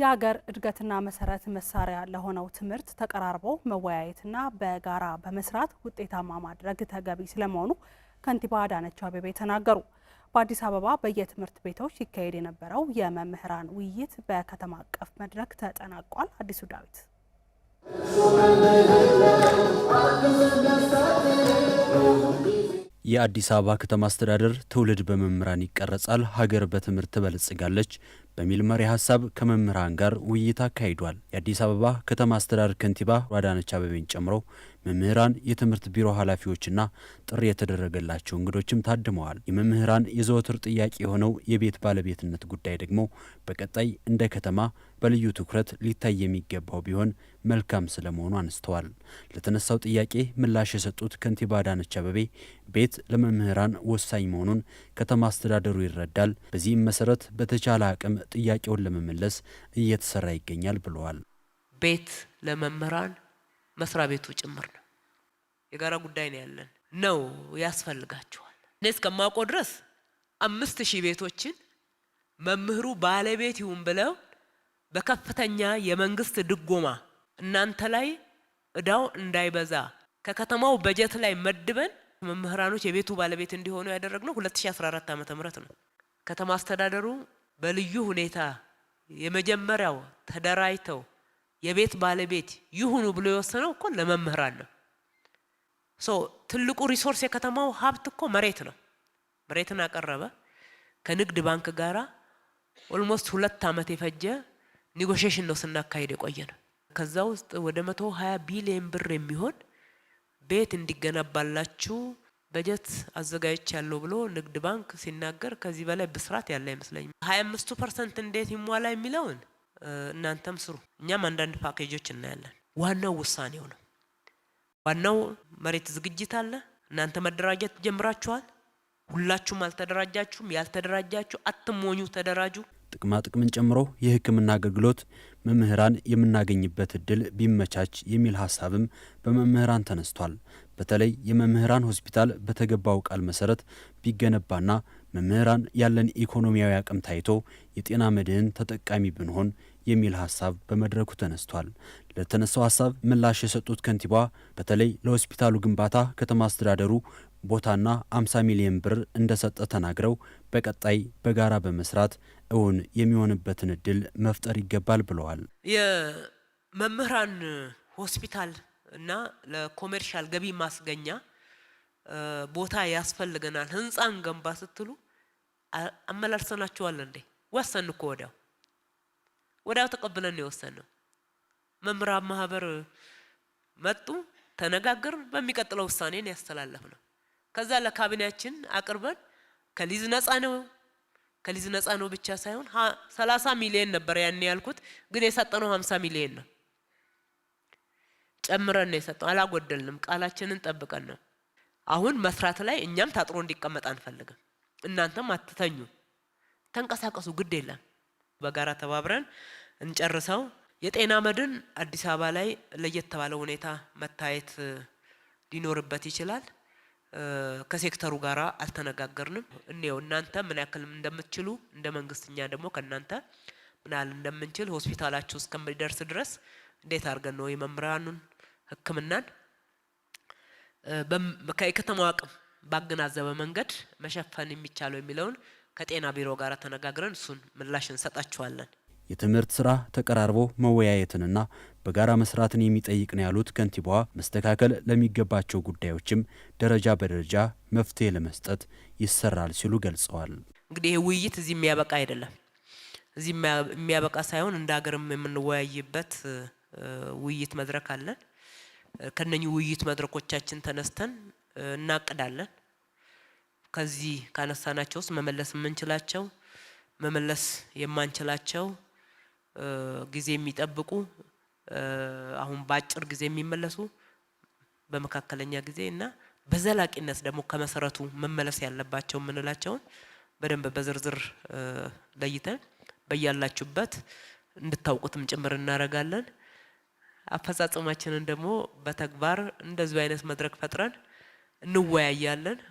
የሀገር እድገትና መሰረት መሳሪያ ለሆነው ትምህርት ተቀራርቦ መወያየትና በጋራ በመስራት ውጤታማ ማድረግ ተገቢ ስለመሆኑ ከንቲባ አዳነች አቤቤ ተናገሩ። በአዲስ አበባ በየትምህርት ቤቶች ሲካሄድ የነበረው የመምህራን ውይይት በከተማ አቀፍ መድረክ ተጠናቋል። አዲሱ ዳዊት የአዲስ አበባ ከተማ አስተዳደር ትውልድ በመምህራን ይቀረጻል፣ ሀገር በትምህርት ትበለጽጋለች በሚል መሪ ሀሳብ ከመምህራን ጋር ውይይት አካሂዷል። የአዲስ አበባ ከተማ አስተዳደር ከንቲባ አዳነች አበቤን ጨምሮ መምህራን፣ የትምህርት ቢሮ ኃላፊዎችና ጥሪ የተደረገላቸው እንግዶችም ታድመዋል። የመምህራን የዘወትር ጥያቄ የሆነው የቤት ባለቤትነት ጉዳይ ደግሞ በቀጣይ እንደ ከተማ በልዩ ትኩረት ሊታይ የሚገባው ቢሆን መልካም ስለመሆኑ አንስተዋል። ለተነሳው ጥያቄ ምላሽ የሰጡት ከንቲባ አዳነች አበቤ ቤት ለመምህራን ወሳኝ መሆኑን ከተማ አስተዳደሩ ይረዳል። በዚህም መሰረት በተቻለ አቅም ጥያቄውን ለመመለስ እየተሰራ ይገኛል ብለዋል። ቤት ለመምህራን መስሪያ ቤቱ ጭምር ነው። የጋራ ጉዳይ ነው ያለን ነው ያስፈልጋቸዋል። እኔ እስከማውቀው ድረስ አምስት ሺህ ቤቶችን መምህሩ ባለቤት ይሁን ብለው በከፍተኛ የመንግስት ድጎማ እናንተ ላይ እዳው እንዳይበዛ ከከተማው በጀት ላይ መድበን መምህራኖች የቤቱ ባለቤት እንዲሆኑ ያደረግነው 2014 ዓ.ም ነው። ከተማ አስተዳደሩ በልዩ ሁኔታ የመጀመሪያው ተደራጅተው የቤት ባለቤት ይሁኑ ብሎ የወሰነው እኮ ለመምህራን ነው። ሶ ትልቁ ሪሶርስ የከተማው ሀብት እኮ መሬት ነው። መሬትን አቀረበ። ከንግድ ባንክ ጋር ኦልሞስት ሁለት ዓመት የፈጀ ኒጎሽሽን ነው ስናካሄድ የቆየ ነው። ከዛ ውስጥ ወደ መቶ ሀያ ቢሊየን ብር የሚሆን ቤት እንዲገነባላችሁ በጀት አዘጋጅች ያለው ብሎ ንግድ ባንክ ሲናገር ከዚህ በላይ ብስራት ያለ አይመስለኝም። ሀያ አምስቱ ፐርሰንት እንዴት ይሟላ የሚለውን እናንተም ስሩ፣ እኛም አንዳንድ ፓኬጆች እናያለን። ዋናው ውሳኔው ነው። ዋናው መሬት ዝግጅት አለ። እናንተ መደራጀት ጀምራችኋል። ሁላችሁም አልተደራጃችሁም። ያልተደራጃችሁ አትሞኙ፣ ተደራጁ። ጥቅማ ጥቅምን ጨምሮ የሕክምና አገልግሎት መምህራን የምናገኝበት እድል ቢመቻች የሚል ሀሳብም በመምህራን ተነስቷል። በተለይ የመምህራን ሆስፒታል በተገባው ቃል መሰረት ቢገነባና መምህራን ያለን ኢኮኖሚያዊ አቅም ታይቶ የጤና መድህን ተጠቃሚ ብንሆን የሚል ሀሳብ በመድረኩ ተነስቷል። ለተነሳው ሀሳብ ምላሽ የሰጡት ከንቲባ በተለይ ለሆስፒታሉ ግንባታ ከተማ አስተዳደሩ ቦታና 50 ሚሊዮን ብር እንደሰጠ ተናግረው በቀጣይ በጋራ በመስራት እውን የሚሆንበትን እድል መፍጠር ይገባል ብለዋል። የመምህራን ሆስፒታል እና ለኮሜርሻል ገቢ ማስገኛ ቦታ ያስፈልገናል፣ ህንፃን ገንባ ስትሉ አመላልሰናችኋል እንዴ? ወሰን እኮ ወዲያው ወዲያው ተቀብለን የወሰን ነው። መምህራን ማህበር መጡ፣ ተነጋግር በሚቀጥለው ውሳኔን ያስተላለፍ ነው። ከዛ ለካቢኔያችን አቅርበን ከሊዝ ነፃ ነው ከሊዝ ነጻ ነው ብቻ ሳይሆን ሰላሳ ሚሊዮን ነበር ያን ያልኩት፣ ግን የሰጠነው ሀምሳ ሚሊዮን ነው። ጨምረን ነው የሰጠው፣ አላጎደልንም። ቃላችንን ጠብቀን ነው አሁን መስራት ላይ እኛም ታጥሮ እንዲቀመጥ አንፈልግም። እናንተም አትተኙ፣ ተንቀሳቀሱ። ግድ የለም በጋራ ተባብረን እንጨርሰው። የጤና መድን አዲስ አበባ ላይ ለየት ባለ ሁኔታ መታየት ሊኖርበት ይችላል። ከሴክተሩ ጋር አልተነጋገርንም። እኔው እናንተ ምን ያክል እንደምትችሉ እንደ መንግስትኛ ደግሞ ከእናንተ ምናል እንደምንችል ሆስፒታላችሁ እስከሚደርስ ድረስ እንዴት አድርገን ነው የመምህራኑን ሕክምናን ከከተማው አቅም ባገናዘበ መንገድ መሸፈን የሚቻለው የሚለውን ከጤና ቢሮ ጋር ተነጋግረን እሱን ምላሽ እንሰጣችኋለን። የትምህርት ስራ ተቀራርቦ መወያየትንና በጋራ መስራትን የሚጠይቅ ነው ያሉት ከንቲባዋ፣ መስተካከል ለሚገባቸው ጉዳዮችም ደረጃ በደረጃ መፍትሄ ለመስጠት ይሰራል ሲሉ ገልጸዋል። እንግዲህ ይህ ውይይት እዚህ የሚያበቃ አይደለም። እዚህ የሚያበቃ ሳይሆን እንደ ሀገርም የምንወያይበት ውይይት መድረክ አለን። ከነኚህ ውይይት መድረኮቻችን ተነስተን እናቅዳለን። ከዚህ ካነሳናቸው ውስጥ መመለስ የምንችላቸው መመለስ የማንችላቸው ጊዜ የሚጠብቁ አሁን በአጭር ጊዜ የሚመለሱ በመካከለኛ ጊዜ እና በዘላቂነት ደግሞ ከመሰረቱ መመለስ ያለባቸው የምንላቸውን በደንብ በዝርዝር ለይተን በያላችሁበት እንድታውቁትም ጭምር እናደርጋለን። አፈጻጸማችንን ደግሞ በተግባር እንደዚሁ አይነት መድረክ ፈጥረን እንወያያለን።